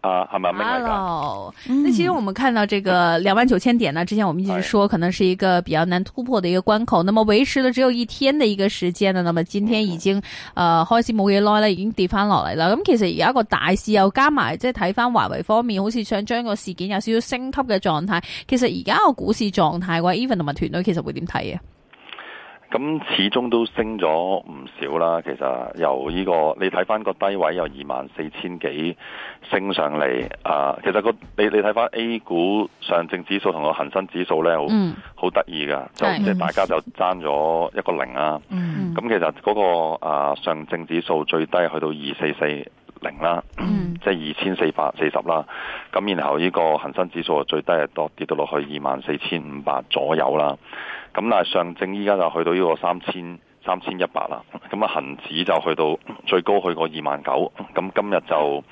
啊，係咪咁嚟？其實我們看到這個兩萬九千點呢，之前我們一直說可能是一個比較難突破的一個關口。的那麼維持了只有一天嘅一個時間啦，咁今天已經誒、嗯呃、開始冇幾耐咧，已經跌翻落嚟啦。咁其實而家個大市又加埋，即係睇翻華為方面，好似想將個事件有少少升級嘅狀態。其實而家個股市狀態嘅話，Even 同埋團隊其實會點睇？咁始終都升咗唔少啦，其實由呢個你睇翻個低位有二萬四千幾升上嚟，啊，其實個你你睇翻 A 股上證指數同個恒生指數咧，好，嗯、好得意噶，就即係大家就爭咗一個零啦、啊、咁、嗯、其實嗰個啊上證指數最低去到二四四。零、mm. 啦，即係二千四百四十啦，咁然後呢個恒生指數最低係多跌到落去二萬四千五百左右啦，咁但係上證依家就去到呢個三千三千一百啦，咁啊恒指就去到最高去過二萬九，咁今日就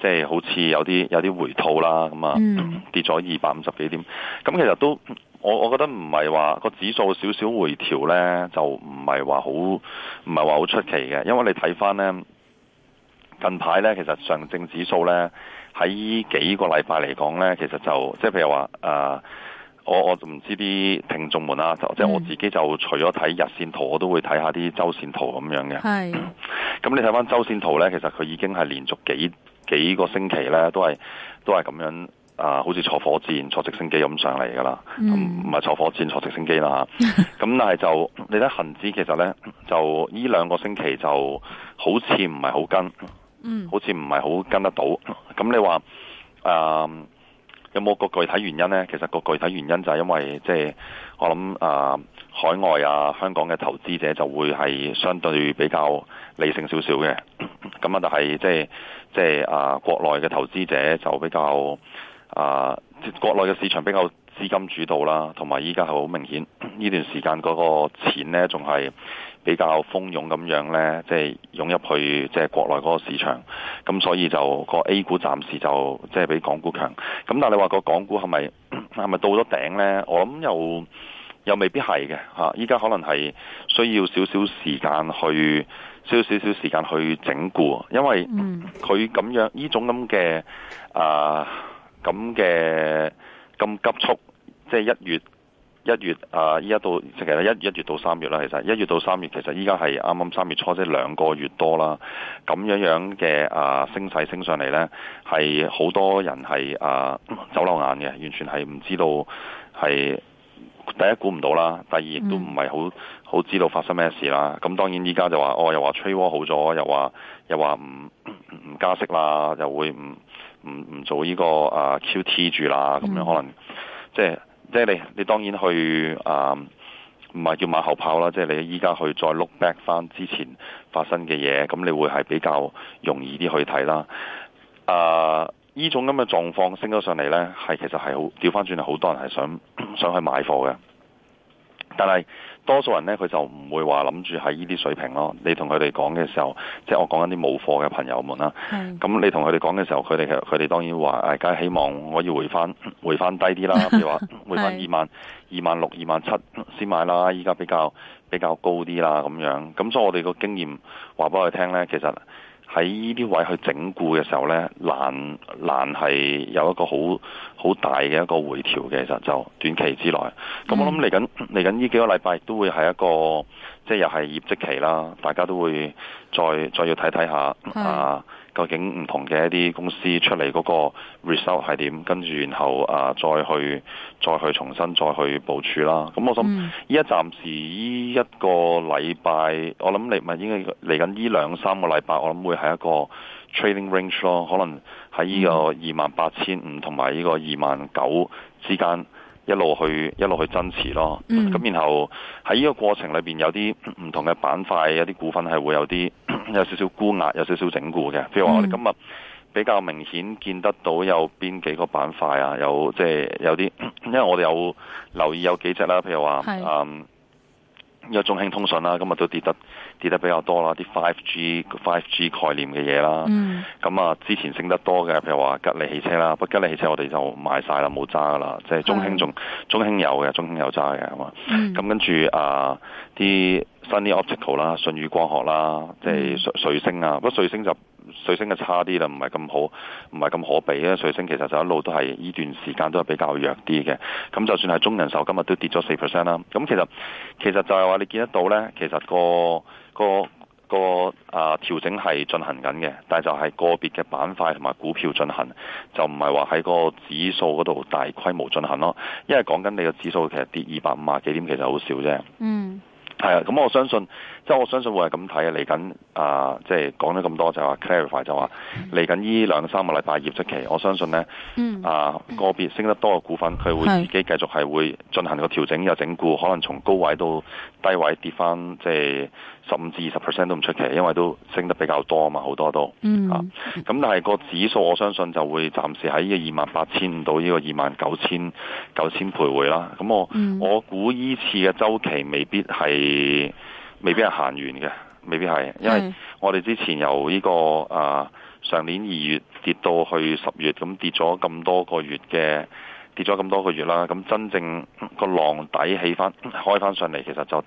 即係、就是、好似有啲有啲回吐啦，咁啊跌咗二百五十幾點，咁其實都我我覺得唔係話個指數少少回調呢，就唔係話好唔係話好出奇嘅，因為你睇返呢。近排咧，其實上證指數咧喺幾個禮拜嚟講咧，其實就即係譬如話誒、呃，我我就唔知啲聽眾們啦、啊，即係我自己就除咗睇日線圖，我都會睇下啲周線圖咁樣嘅。係是。咁、嗯、你睇返周線圖咧，其實佢已經係連續幾幾個星期咧，都係都係咁樣誒、呃，好似坐火箭、坐直升機咁上嚟噶啦，唔係、嗯啊、坐火箭、坐直升機啦嚇。咁 但係就你睇恆指，其實咧就呢兩個星期就好似唔係好跟。嗯，好似唔係好跟得到，咁你話誒、啊、有冇個具體原因呢？其實個具體原因就係因為即係、就是、我諗、啊、海外啊香港嘅投資者就會係相對比較理性少少嘅，咁、就是、啊但係即係即係啊國內嘅投資者就比較啊國內嘅市場比較資金主導啦，同埋依家係好明顯。呢段時間嗰個錢呢，仲係比較蜂擁咁樣呢，即係湧入去即係國內嗰個市場，咁所以就個 A 股暫時就即係、就是、比港股強。咁但係你話個港股係咪係咪到咗頂呢？我諗又又未必係嘅嚇。依家可能係需要少少時間去少少少少時間去整固，因為佢咁樣呢種咁嘅啊咁嘅咁急促，即係一月。一月啊，依家到其實一一月到三月啦，其實一月到三月其實依家係啱啱三月初，即係兩個月多啦，咁樣樣嘅啊升勢升上嚟咧，係好多人係啊走漏眼嘅，完全係唔知道係第一估唔到啦，第二亦都唔係好好知道發生咩事啦。咁當然依家就話，哦又話吹波好咗，又話又話唔加息啦，又會唔唔唔做呢個啊 QT 住啦，咁樣、嗯、可能即係。即係你，你當然去啊，唔、呃、係叫馬後炮啦。即係你依家去再 look back 翻之前發生嘅嘢，咁你會係比較容易啲去睇啦。啊、呃，呢種咁嘅狀況升咗上嚟呢，係其實係好調翻轉嚟，好多人係想想去買貨嘅，但係。多數人咧，佢就唔會話諗住喺呢啲水平咯。你同佢哋講嘅時候，即係我講緊啲冇貨嘅朋友們啦。咁是的 你同佢哋講嘅時候，佢哋佢哋當然話，梗係希望我要回翻回翻低啲啦。譬如話回翻二萬 是的 二萬六二萬七先買啦。依家比較比較高啲啦，咁樣。咁所以我哋個經驗話俾佢哋聽咧，其實。喺呢啲位去整固嘅時候呢，難難係有一個好好大嘅一個回調嘅，其實就就短期之內。咁、嗯、我諗嚟緊嚟緊呢幾個禮拜都會係一個即係又係業績期啦，大家都會再再要睇睇下啊。究竟唔同嘅一啲公司出嚟嗰個 result 係點？跟住然後啊，再去再去重新再去部署啦。咁我想依家暫時依、嗯、一個禮拜，我諗你咪應該嚟緊依兩三個禮拜，我諗會係一個 trading range 咯。可能喺依個二萬八千五同埋依個二萬九之間一路去一路去增持咯。咁、嗯、然後喺呢個過程裏邊有啲唔同嘅板塊，有啲股份係會有啲。有少少沽壓，有少少整固嘅。譬如話，我哋今日比較明顯見得到有邊幾個板塊啊？有即係、就是、有啲，因為我哋有留意有幾隻啦。譬如話，是嗯，有中興通信啦，今日都跌得跌得比較多啦。啲 5G、5G 概念嘅嘢啦。咁、嗯、啊，之前升得多嘅，譬如話吉利汽車啦，不過吉利汽車我哋就賣晒啦，冇揸噶啦。即係中興仲是中興有嘅，中興有揸嘅嘛。咁、嗯、跟住啊啲。Sunny Optical 啦，舜宇光學啦，即係瑞星啊、嗯，不過瑞星就瑞星就差啲啦，唔係咁好，唔係咁可比啊。瑞星其實就一路都係呢段時間都係比較弱啲嘅。咁就算係中人壽今日都跌咗四 percent 啦。咁其實其實就係話你見得到咧，其實、個、個、個啊調整係進行緊嘅，但係就係個別嘅板塊同埋股票進行，就唔係話喺個指數嗰度大規模進行咯。因為講緊你個指數其實跌二百五啊幾點，其實好少啫。嗯。係啊，咁我相信，即係我相信會係咁睇啊。嚟緊啊，即係講咗咁多就話、是、clarify 就話嚟緊呢兩三個禮拜業績期，我相信咧、嗯、啊，個別升得多嘅股份，佢會自己繼續係會進行個調整又、這個、整固，可能從高位到低位跌翻，即係十五至二十 percent 都唔出奇，因為都升得比較多啊嘛，好多都、嗯、啊。咁但係個指數，我相信就會暫時喺呢個二萬八千到呢個二萬九千九千徘徊啦。咁我、嗯、我估呢次嘅周期未必係。未，未必係行完嘅，未必係，因為我哋之前由呢、呢個啊上年二月跌到去十月，咁跌咗咁多個月嘅，跌咗咁多個月啦，咁真正個浪底起翻開翻上嚟，其實就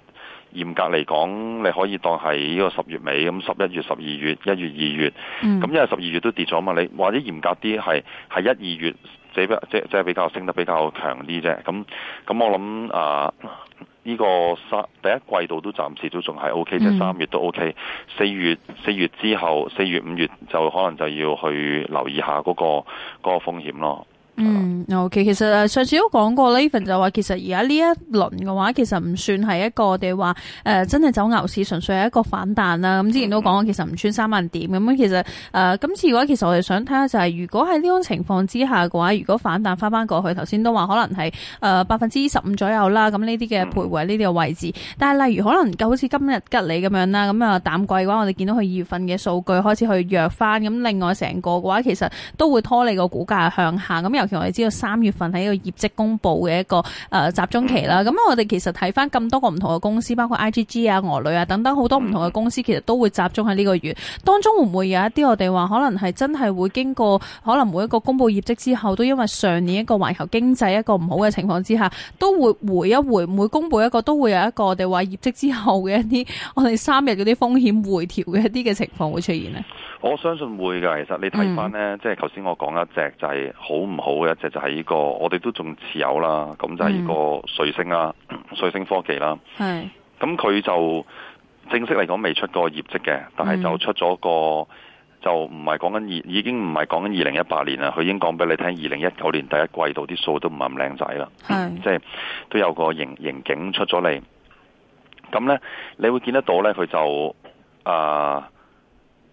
嚴格嚟講，你可以當係呢個十月尾，咁十一月、十二月、一月、二月，咁、嗯、因為十二月都跌咗嘛，你或者嚴格啲係係一二月，即即即係比較升得比較強啲啫，咁咁我諗啊。呢個三第一季度都暫時都仲係 OK，即係三月都 OK。四月四月之後四月五月就可能就要去留意下嗰個嗰個風險咯。那個風嗯，OK，其實上次都講過，呢，就話其實而家呢一輪嘅話，其實唔算係一個，我哋話誒真係走牛市，純粹係一個反彈啦。咁之前都講過，其實唔穿三萬點咁樣。其實誒今次嘅話，其實我哋想睇下就係，如果喺呢種情況之下嘅話，如果反彈翻翻過去，頭先都話可能係誒百分之十五左右啦。咁呢啲嘅徘徊呢啲嘅位置，但係例如可能就好似今日吉利咁樣啦，咁啊淡季嘅話，我哋見到佢二月份嘅數據開始去弱翻，咁另外成個嘅話，其實都會拖你個股價向下咁。尤其我哋知道三月份喺一個業績公布嘅一個誒集中期啦，咁、嗯、我哋其實睇翻咁多個唔同嘅公司，包括 IGG 啊、鵝女啊等等好多唔同嘅公司，其實都會集中喺呢個月當中。會唔會有一啲我哋話可能係真係會經過可能每一個公布業績之後，都因為上年一個環球經濟一個唔好嘅情況之下，都會回一回，每公布一個都會有一個我哋話業績之後嘅一啲我哋三日嗰啲風險回調嘅一啲嘅情況會出現呢？我相信會噶。其實你睇翻呢，嗯、即係頭先我講一隻就係、是、好唔好。好嘅隻就係呢、這個，我哋都仲持有啦。咁就係呢個瑞星啦、mm. 瑞星科技啦。係是。咁佢就正式嚟講未出過業績嘅，但係就出咗個、mm. 就唔係講緊二，已經唔係講緊二零一八年啦。佢已經講俾你聽，二零一九年第一季度啲數都唔係咁靚仔啦。即係是、 就是、都有個盈盈警出咗嚟。咁咧，你會見得到咧，佢就啊。呃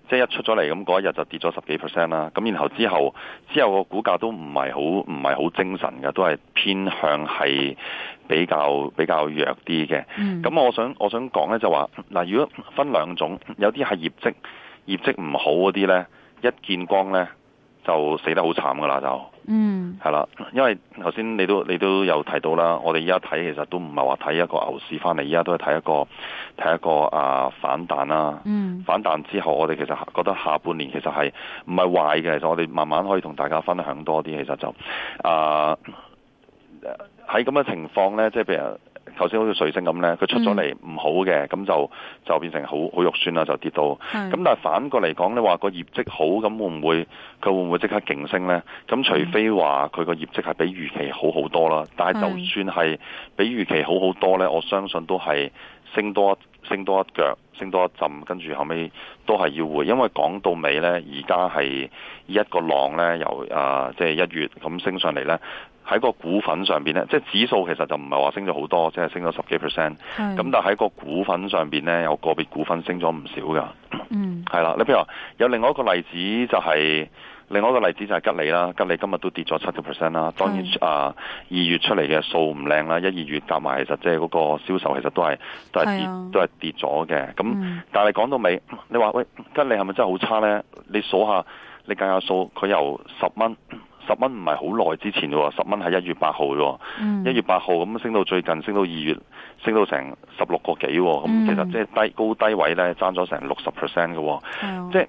即係一出咗嚟咁嗰一日就跌咗十幾 percent 啦，咁然後之後之後個股價都唔係好唔係好精神嘅，都係偏向係比較比較弱啲嘅。咁、嗯、我想我想講呢，就話嗱，如果分兩種，有啲係業績業績唔好嗰啲呢，一見光呢。就死得好慘噶啦，就，嗯，係啦，因為頭先你都你都有提到啦，我哋依家睇其實都唔係話睇一個牛市翻嚟，依家都係睇一個睇一個啊反彈啦，mm. 反彈之後我哋其實覺得下半年其實係唔係壞嘅，其實我哋慢慢可以同大家分享多啲，其實就啊喺咁嘅情況呢，即係譬如。頭先好似水星咁呢，佢出咗嚟唔好嘅，咁、嗯、就就變成好好肉酸啦，就跌到。咁是的 但係反過嚟講呢，話個業績好，咁會唔會佢會唔會即刻勁升呢？咁除非話佢個業績係比預期好好多啦，但係就算係比預期好好多呢，是的 我相信都係升多。升多一腳，升多一浸，跟住後尾都係要回，因為講到尾呢，而家係一個浪呢，由啊即係一月咁升上嚟呢，喺個股份上面呢，即係指數其實就唔係話升咗好多，即係升咗十幾 percent，咁是但係喺個股份上面呢，有個別股份升咗唔少噶，係啦、嗯，你譬如話有另外一個例子就係、是。另外一個例子就係吉利啦，吉利今日都跌咗七個 percent 啦。當然是的 啊，二月出嚟嘅數唔靚啦，一、二月夾埋其實即係嗰個銷售其實都係都係跌是的 都係跌咗嘅。咁是的、嗯、但係講到尾，你話喂吉利係咪真係好差呢？你數下你計下你數下，佢由十蚊十蚊唔係好耐之前嘅喎，十蚊係一月八號嘅喎，一、嗯、月八號咁升到最近升到二月，升到成十六個幾咁、哦，嗯嗯、其實即係低高低位咧，爭咗成六十 percent 嘅喎，即係、哦、是的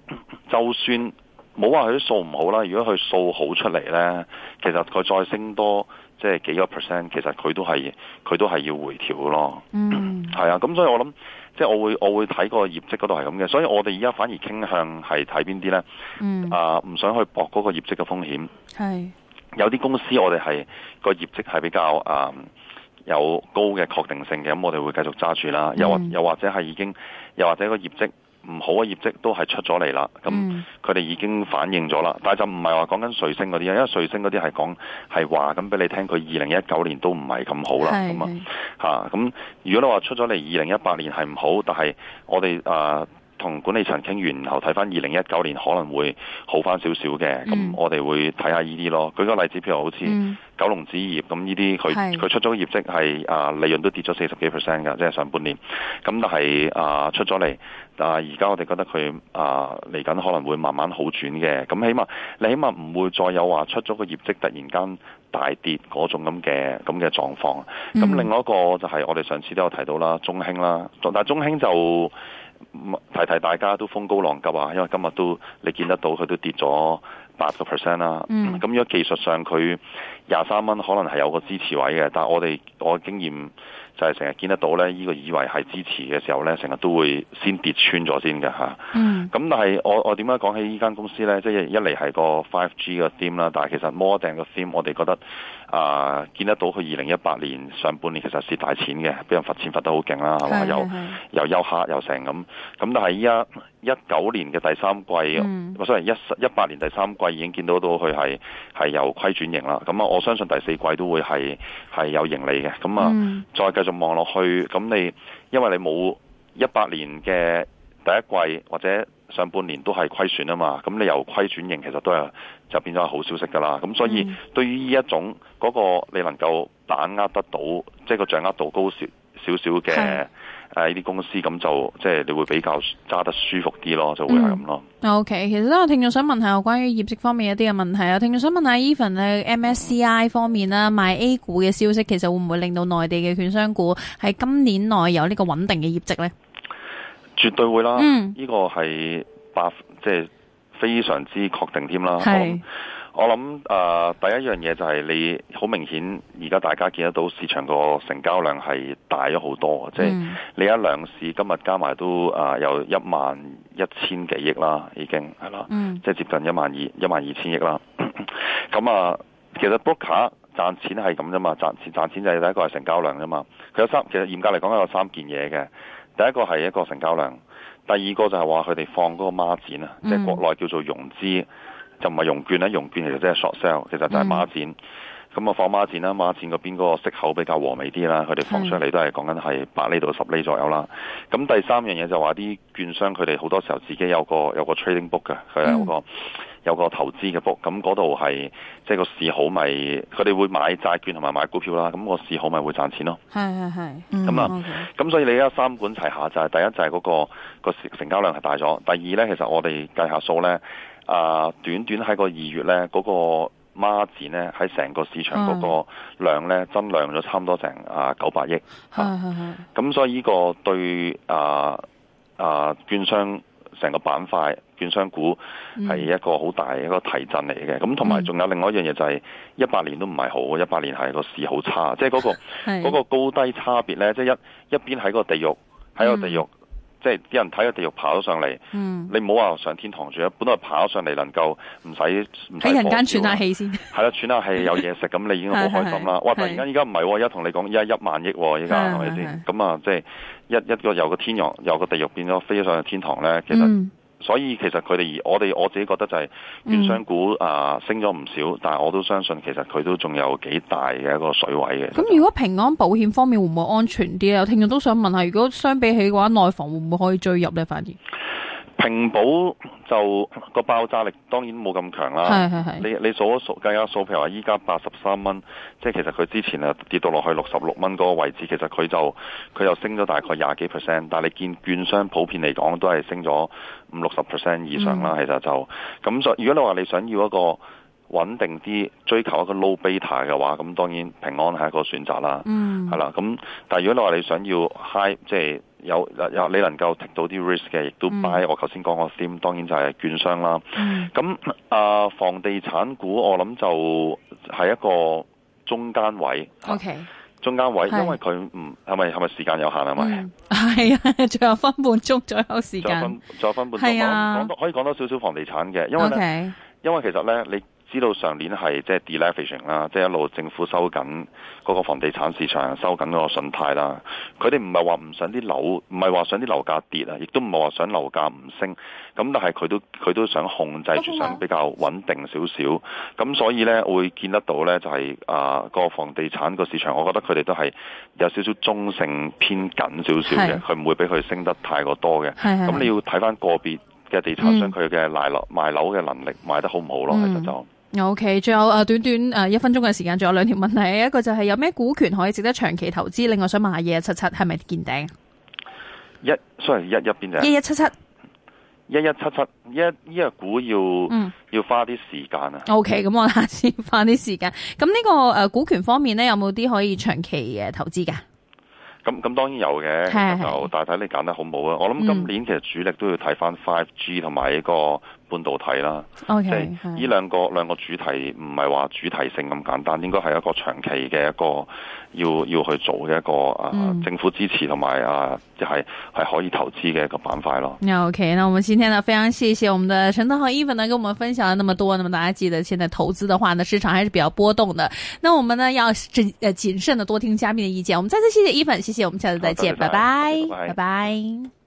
就，就算。冇話佢啲數唔好啦，如果佢數好出嚟呢，其實佢再升多即係、就是、幾個 percent，其實佢都係佢都係要回調咯。嗯，係啊，咁所以我諗即係我會我會睇個業績嗰度係咁嘅，所以我哋而家反而傾向係睇邊啲呢？嗯、啊，唔想去搏嗰個業績嘅風險。係是，有啲公司我哋係、嗯嗯、個業績係比較啊有高嘅確定性嘅，咁我哋會繼續揸住啦。又或又或者係已經又或者個業績。唔好嘅業績都係出咗嚟啦，咁佢哋已經反映咗啦，嗯、但係就唔係話講緊瑞星嗰啲，因為瑞星嗰啲係講係話咁俾你聽，佢二零一九年都唔係咁好啦，咁是是 啊嚇，咁如果你話出咗嚟二零一八年係唔好，但係我哋啊。同管理層傾完，然後睇翻二零一九年可能會好翻少少嘅，咁、嗯、我哋會睇下呢啲咯。舉個例子，譬如好似九龍紙業，咁呢啲佢佢出咗業績係啊，利潤都跌咗四十幾 percent 㗎，即係、就是、上半年。咁但係啊、呃、出咗嚟，但係而家我哋覺得佢啊嚟緊可能會慢慢好轉嘅。咁起碼你起碼唔會再有話出咗個業績突然間大跌嗰種咁嘅咁嘅狀況。咁、嗯、另外一個就係我哋上次都有提到啦，中興啦，但係中興就。提提大家都風高浪急啊，因為今日都你見得到佢都跌咗八個 percent 啦。咁、啊嗯、如果技術上佢廿三蚊可能係有個支持位嘅，但我哋我經驗。就係成日見得到咧，呢、呢個以為係支持嘅時候咧，成日都會先跌穿咗先嘅。吓咁、嗯、但係我我點解講起呢間公司咧？即、就、係、是、一嚟係個 5G 嘅 theme 啦，但係其實 model 嘅 the theme，我哋覺得啊、呃，見得到佢二零一八年上半年其實蝕大錢嘅，俾人罰錢罰得好勁啦，係嘛是？又又休又成咁。咁但係依家一九年嘅第三季，我雖然一一八年第三季已經見到到佢係係由虧轉盈啦。咁啊，我相信第四季都會係係有盈利嘅。咁啊，嗯、再繼續。望落去，咁你因為你冇一百年嘅第一季或者上半年都係虧損啊嘛，咁你由虧轉盈其實都係就變咗好消息噶啦。咁所以對於呢一種嗰、那個你能夠把握得到，即、就、係、是、個掌握度高少少少嘅。小小。誒，呢啲公司咁就即係你會比較揸得舒服啲咯，就會係咁咯。嗯，OK，其實都有聽眾想問下我關於業績方面一啲嘅問題啊。我聽眾想問下 Even 喺 MSCI 方面啦，賣 A 股嘅消息，其實會唔會令到內地嘅券商股喺今年內有呢個穩定嘅業績呢？絕對會啦，嗯，呢個係百即係非常之確定添啦。係。我諗誒、呃，第一樣嘢就係你好明顯，而家大家見得到市場個成交量係大咗好多，即係、mm. 你一兩市今日加埋都誒有一萬一千幾億啦，已經係啦，即係、mm. 接近一萬二、一萬二千億啦。咁 啊，其實 broker 賺錢係咁啫嘛，賺賺錢就係第一個係成交量啫嘛。佢有三，其實嚴格嚟講有三件嘢嘅。第一個係一個成交量，第二個就係話佢哋放嗰個孖展啊，即係、mm. 國內叫做融資。就唔係融券咧，融券其實即係 short sell，其實就係孖展。咁啊、mm. 嗯，放孖展啦，孖展嗰邊嗰個息口比較和美啲啦，佢哋放出嚟都係講緊係八厘到十厘左右啦。咁的第三樣嘢就話啲券商佢哋好多時候自己有個有個 trading book 嘅，佢有個、mm. 有個投資嘅 book 那那。咁嗰度係即係個市好咪、就是，佢哋會買債券同埋買股票啦。咁個市好咪會賺錢咯。咁啊，咁所以你而家三管齊下就係、是、第一就係嗰、那個那個成交量係大咗。第二呢，其實我哋計下數呢。啊！短短喺、個二月咧，嗰個孖展咧喺成個市場嗰個量咧，增量咗差唔多成啊九百億。咁、啊、所以呢個對啊啊券商成個板塊、券商股係一個好大嘅一個提振嚟嘅。咁同埋仲有另外一樣嘢就係一八年都唔係好，一八年係個市好差，即係嗰個嗰、嗰個、高低差別咧，即、就、係、係、一一邊喺個地獄，喺個地獄。嗯。即係啲人睇個地獄跑咗上嚟，嗯、你唔好話上天堂住，本來爬咗上嚟能夠唔使喺人間喘下氣先，係 啦，喘下氣有嘢食咁，你已經好開心啦。是是是哇！突然間依家唔係，而家同你講而家一萬億依家係咪先？咁啊，即係一一個由個天獄由個地獄變咗飛咗上去天堂咧，其實、嗯。所以其實佢哋，我哋我自己覺得就係券商股、嗯、啊，升咗唔少，但係我都相信其實佢都仲有幾大嘅一個水位嘅。咁、嗯就是、如果平安保險方面會唔會安全啲咧？有聽眾都想問下，如果相比起嘅話，內房會唔會可以追入呢？反而？平保就個爆炸力當然冇咁強啦。係係係。你你數數計下數，譬如話依家八十三蚊，即係其實佢之前啊跌到落去六十六蚊嗰個位置，其實佢就佢又升咗大概廿幾 percent。但係你見券商普遍嚟講都係升咗五六十 percent 以上啦。嗯、其實就咁所，如果你話你想要一個穩定啲、追求一個 low beta 嘅話，咁當然平安係一個選擇啦。嗯。係啦，咁但係如果你話你想要 high 即係。有有你能夠剔到啲 risk 嘅，亦都擺、嗯。我頭先講嗰 theme，當然就係券商啦。咁啊、嗯呃，房地產股我諗就係一個中間位。O Okay K，啊、中間位，因為佢唔係咪係咪時間有限係咪？係啊，仲有、嗯、 分半鐘，再有時間，再分，再分半鐘。係、啊、講多可以講多少少房地產嘅，因為呢 Okay 因為其實咧你。知道上年係即係 devaluation 啦，即、就、係、是、一路政府收緊嗰個房地產市場，收緊嗰個信貸啦。佢哋唔係話唔想啲樓，唔係話想啲樓價跌啊，亦都唔係話想樓價唔升。咁但係佢都佢都想控制住，想比較穩定少少。咁的所以呢，我會見得到呢就係、是、啊，個房地產個市場，我覺得佢哋都係有少少中性偏緊少少嘅，佢唔的會俾佢升得太過多嘅。咁的你要睇翻個別嘅地產商佢嘅、嗯、賣樓賣樓嘅能力賣得好唔好咯？嗯、其實就 OK，仲有誒短短誒一分鐘嘅時間，仲有兩條問題，一個就係有咩股權可以值得長期投資？另外想買下嘢，七七係咪見頂？一 sorry 一一邊就一一七七，一一七七一呢隻股要、嗯、要花啲時間啊。OK，咁我下次花啲時間。咁呢個誒股權方面咧，有冇啲可以長期嘅投資噶？咁咁當然有嘅，就大體你揀得好唔好啊？我諗今年其實主力都要睇翻 Five G 同埋呢個。半導體啦，呢、就、兩、是、個兩個主題唔係話主題性咁簡單，應該係一個長期嘅一個要要去做嘅一個、嗯、啊政府支持同埋啊，係、就、係、是、可以投資嘅一個板塊咯。OK，那我們今天呢非常謝謝我們的陳德豪 Evan 呢，跟我們分享咗那麼多。那麼大家記得，現在投資的話呢，市場還是比較波動的。那我們呢要謹呃謹慎的多聽嘉賓嘅意見。我們再次謝謝 Evan，謝謝，我們下次再見，拜拜，拜拜 bye。Bye bye